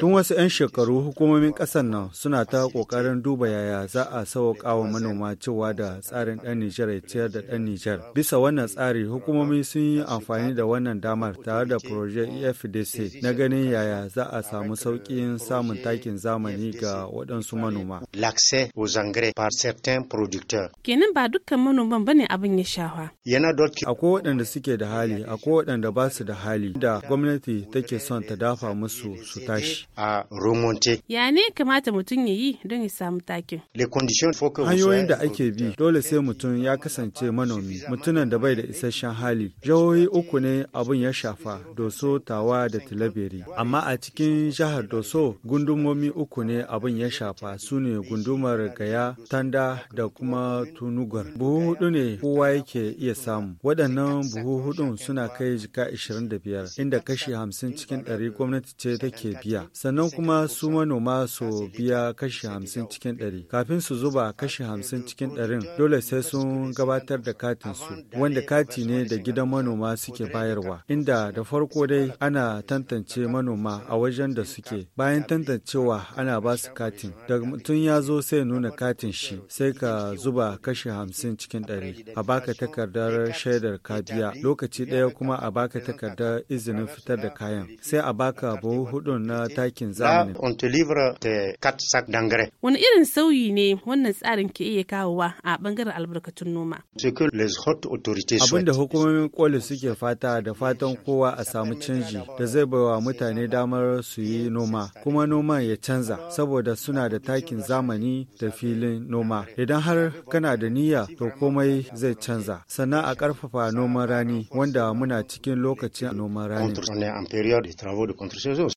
Tun wasu 'yan shekaru hukumomin ƙasar nan suna ta kokarin duba yaya za a sauƙa wa manoma cewa da tsarin ɗan Nijar ya ciyar da ɗan Nijar. Bisa wannan tsari hukumomi sun yi amfani da wannan damar tare da Projet EFDC na ganin yaya za a samu sauƙin samun takin zamani ga waɗansu manoma. Kenan ba dukkan manoman bane abin ya shafa. Akwai waɗanda suke da hali, akwai waɗanda ba su da hali da gwamnati take son ta dafa musu su tashi. Ya ne kamata mutum ya yi don ya samu takin? Hanyoyin da ake bi dole sai mutum ya kasance manomi, mutumin da bai da isasshen hali. Jihohi uku ne abin ya shafa, Doso, Tawa da Tilaberi. Amma a cikin jihar Doso, gundumomi uku ne abin ya shafa su ne gundumar Gaya, Tanda da kuma Tunugar. Buhu hudu ne kowa yake iya samu. Waɗannan buhu hudun suna kai jika 25, inda kashi 50 sun cikin ɗari gwamnati ce take biya sannan kuma su manoma su biya kashi hamsin cikin ɗari kafin su zuba kashi hamsin cikin ɗarin dole sai sun gabatar da katin su wanda kati ne da gidan manoma suke bayarwa inda da farko dai ana tantance manoma a wajen da suke bayan tantancewa ana ba su katin da mutum ya zo sai nuna katin shi sai ka zuba kashi hamsin cikin ɗari a baka takardar shaidar ka biya lokaci ɗaya kuma a baka takardar izinin fitar da kayan sai a baka buhu hudu na takin zamani. Wani irin sauyi ne wannan tsarin ke iya kawowa a bangaren albarkatun noma? Abin da hukumomin koli suke fata da fatan kowa a samu canji da zai baiwa mutane damar su yi noma kuma noma ya canza saboda suna da takin zamani da filin noma. Idan har kana da niyya to komai zai canza sannan a ƙarfafa noman rani wanda muna cikin lokacin noman rani. période des travaux de construction.